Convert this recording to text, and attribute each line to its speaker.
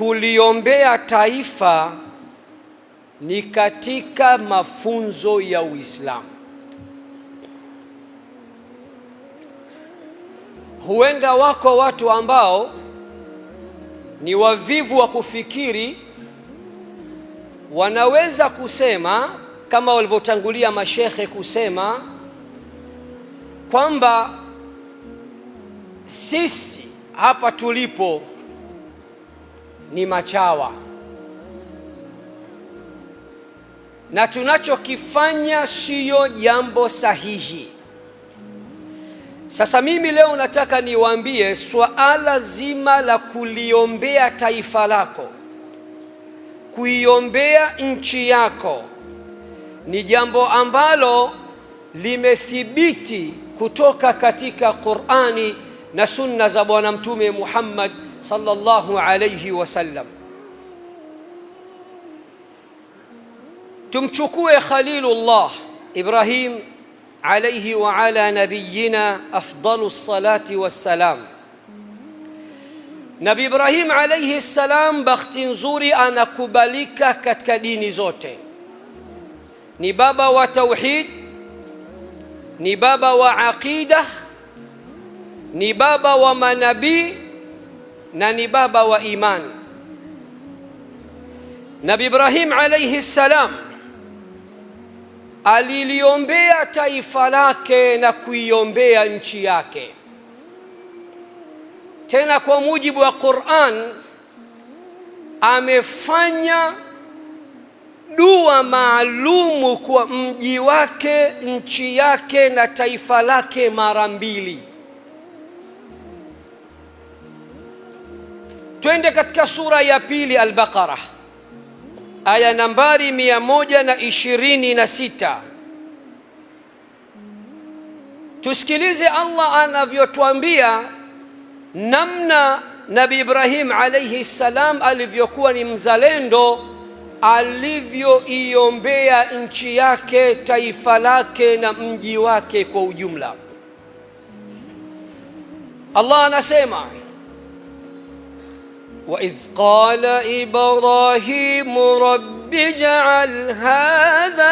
Speaker 1: kuliombea taifa ni katika mafunzo ya Uislamu. Huenda wako watu ambao ni wavivu wa kufikiri, wanaweza kusema kama walivyotangulia mashekhe kusema kwamba sisi hapa tulipo ni machawa, na tunachokifanya siyo jambo sahihi. Sasa mimi leo nataka niwaambie swala zima la kuliombea taifa lako, kuiombea nchi yako ni jambo ambalo limethibiti kutoka katika Qur'ani na sunna za Bwana Mtume Muhammad صلى الله عليه وسلم tumchukue khalilullah ibrahim alaihi wa ala nabiyina afdalu salati wassalam nabi ibrahim alaihi salam bahati nzuri anakubalika katika dini zote ni baba wa tauhid ni baba wa aqida ni baba wa manabii na ni baba wa imani. Nabi Ibrahim alayhi salam aliliombea taifa lake na kuiombea nchi yake, tena kwa mujibu wa Qur'an amefanya dua maalumu kwa mji wake, nchi yake na taifa lake mara mbili. Twende katika sura ya pili Al-Baqara, aya nambari 126 tusikilize Allah anavyotuambia namna Nabi Ibrahim alayhi salam alivyokuwa ni mzalendo, alivyoiombea nchi yake, taifa lake na mji wake kwa ujumla. Allah anasema
Speaker 2: وإذ قال إبراهيم رب اجعل هذا